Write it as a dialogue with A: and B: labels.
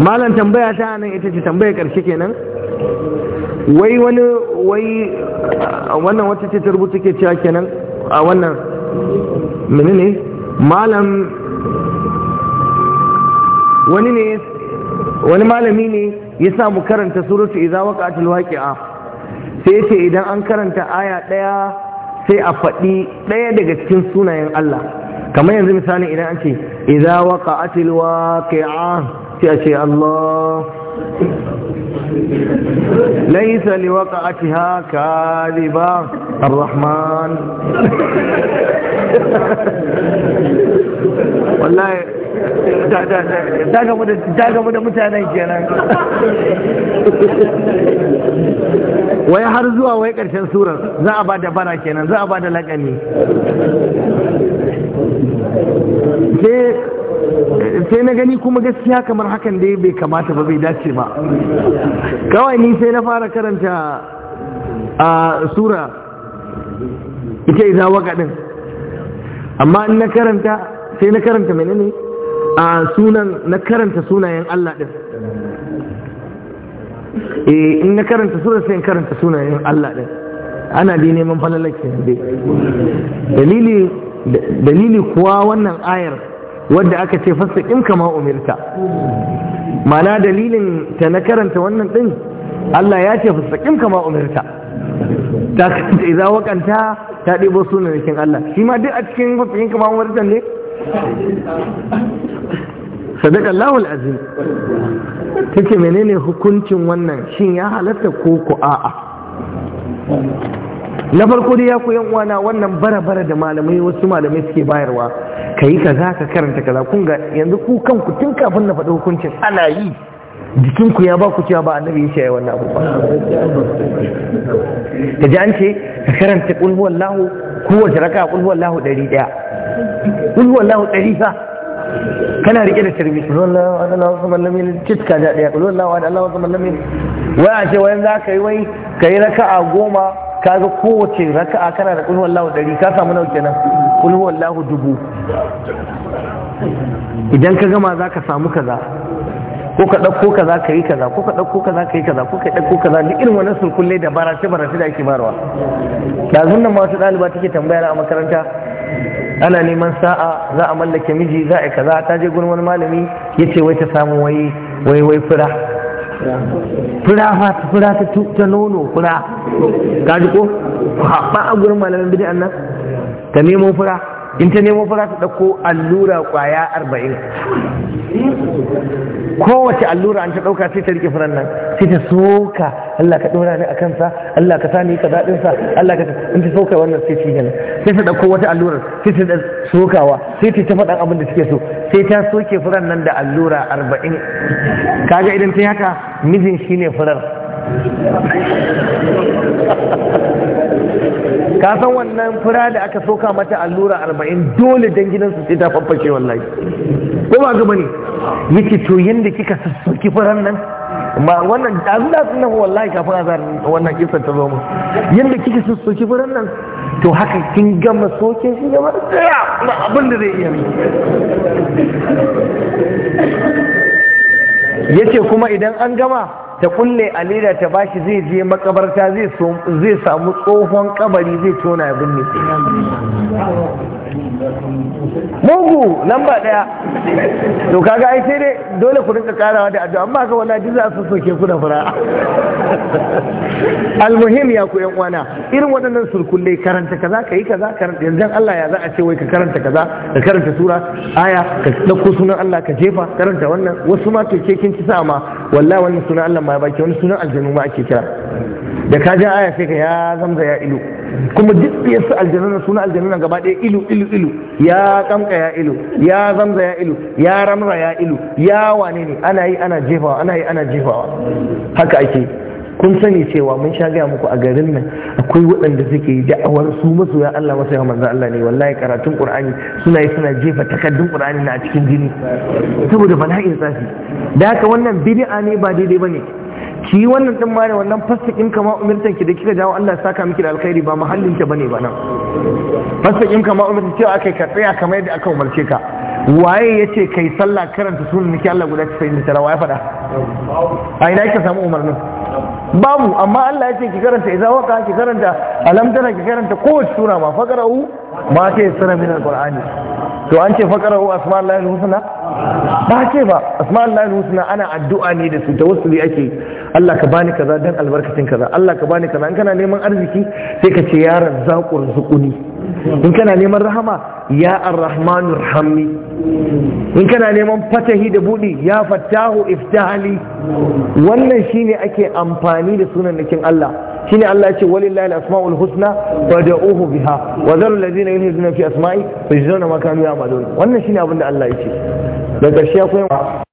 A: malam tambaya ta nan ita ce tambaya karshe kenan wai wani wai wannan wata ce ta rubuta ke cewa kenan a wannan ne malam wani ne wani malami ne ya sa mu karanta suratu idza waqa'atul waqi'a sai ce idan an karanta aya daya sai a faɗi daya daga cikin sunayen Allah kamar yanzu misali idan an ce idza waqa'atul waqi'a sai a ce Allah laisa liwaqa'atiha kadiba ar-rahman wallahi da gamu da mutanen kenan wai har zuwa wai karshen surar za a ba da bara kenan za a ba da lakani sai na gani kuma gaskiya kamar hakan dai bai kamata ba bai dace ba kawai ni sai na fara karanta a sura ita yi zawa din amma na karanta sai na karanta mai menene a sunan na karanta sunayen Allah ɗin eh in na karanta sura sai karanta sunayen Allah ɗin ana dai neman falalakin dai dalili kuwa wannan ayar wadda aka ce fasa in kama umirta mana dalilin ta na karanta wannan din Allah ya ce fasa in kama umirta ta kanta idza wakanta ta ɗebo sunan cikin Allah shi ma duk a cikin fasa in kama umirta ne sadaka Lawal azim ta ce menene hukuncin wannan shin ya halatta ko ku a'a na farko dai ya ku yan uwana wannan bara-bara da malamai wasu malamai suke bayarwa ka yi kaza ka karanta kaza kun ga yanzu ku kanku tun kafin na faɗi hukuncin ana yi jikinku ya ba ku cewa ba annabi ya shaye wannan abubuwa. Ta ji an ce ka karanta kulhu lahu kowace raka kulhu lahu ɗari ɗaya kulhu lahu ɗari fa kana rike da tarbi kulhu lahu an Allah wasu mallamin citka da ɗaya kulhu wallahu an Allah wasu mallamin wai a ce wayan za ka yi wai ka yi raka'a goma kaga kowace raka'a kana da kulhu lahu ɗari ka samu nau kenan kulhu lahu dubu idan ka gama za ka samu kaza ko ka ɗauko kaza ka yi kaza ko ka ɗauko kaza ka yi kaza ko ka ɗauko kaza duk irin sun kulle da barace barace da ake barawa. ɗazun nan masu ɗaliba take tambayar a makaranta ana neman sa'a za a mallake miji za a kaza ta je gurin wani malami ya ce wai ta samu wai wai wai fura fura fa fura ta ta nono fura ka ji ko ba a gurin malamin bid'an nan ta neman fura in ta nemo fara ta ɗauko allura ƙwaya arba'in kowace allura an ta ɗauka sai ta rike furan nan sai ta soka Allah ka ɗora ni a kansa Allah ka sa ni ka sa Allah ka in ta soka wannan sai shi gani sai ta ɗauko wata allurar sai ta sokawa sai ta faɗan abin da take so sai ta soke furan nan da allura arba'in kaga idan ta haka mijin shine furar ka san wannan fura da aka soka mata allura arba'in dole dan su sai ta faffashe wallahi ko ba gaba ne yake to yanda kika sassauki furan nan ma wannan dazu da sunan wallahi kafin azar wannan kisar ta zo mu yanda kika sassauki furan nan to haka kin gama sokin shi gaba tsaya ba abin da zai iya yace kuma idan an gama ta kulle alida ta bashi zai je makabarta zai samu tsohon kabari zai tona ya binne mugu lamba daya to kaga ai sai dai dole ku rinka karawa da addu'a amma haka wala din za su soke ku da fara almuhim ya ku yan uwana irin waɗannan surkulle karanta kaza kai kaza karanta yanzu Allah ya za a ce wai ka karanta kaza ka karanta sura aya ka dauko sunan Allah ka jefa karanta wannan wasu ma to ke kin ci sa ma wallahi wannan sunan Allah ma ya baki wani sunan aljanu ma ake kira da ka ja aya sai ka ya zamza ya ilu kuma duk da yasu aljanna suna aljanna gaba ɗaya ilu ilu ilu ya kamka ya ilu ya zamza ya ilu ya ramra ya ilu ya wane ne ana yi ana jefawa ana yi ana jefawa haka ake kun sani cewa mun sha gaya muku a garin nan akwai waɗanda suke yi da'awar su ya Allah masoya manzo Allah ne wallahi karatun Qur'ani suna yi suna jefa takaddun Qur'ani na a cikin jini saboda bala'in tsafi da haka wannan bid'a ne ba daidai bane ki wannan din ma ne wannan fasakin kama umirtan ki da kika jawo Allah ya saka miki da alkhairi ba mahallin ki bane ba nan fasakin kama umirtan cewa akai ka tsaya kamar yadda aka umarce ka waye yace kai sallah karanta sunan niki Allah guda 99 waye fada a ina kika samu umarnin babu amma Allah yace ki karanta idan waka ki karanta alam tara ki karanta kowace sura ma faqra'u ma ta yassara min alqur'ani to an ce faqra'u asma Allahil husna ba ce ba asma husna ana addu'a ne da su tawassuli ake Allah ka bani kaza dan albarkacin kaza Allah ka bani kaza in kana neman arziki sai ka ce ya razzaqu rizquni in kana neman rahama ya arrahmanu rahamni in kana neman fatahi da budi ya fattahu iftahali wannan shine ake amfani da sunan nakin Allah shine Allah ya ce walillahi al-asmaul husna fad'uhu biha wa dharu alladhina yulhiduna fi asma'i fa yajzawna ma kanu ya'malun wannan shine abin da Allah ya ce da ƙarshe akwai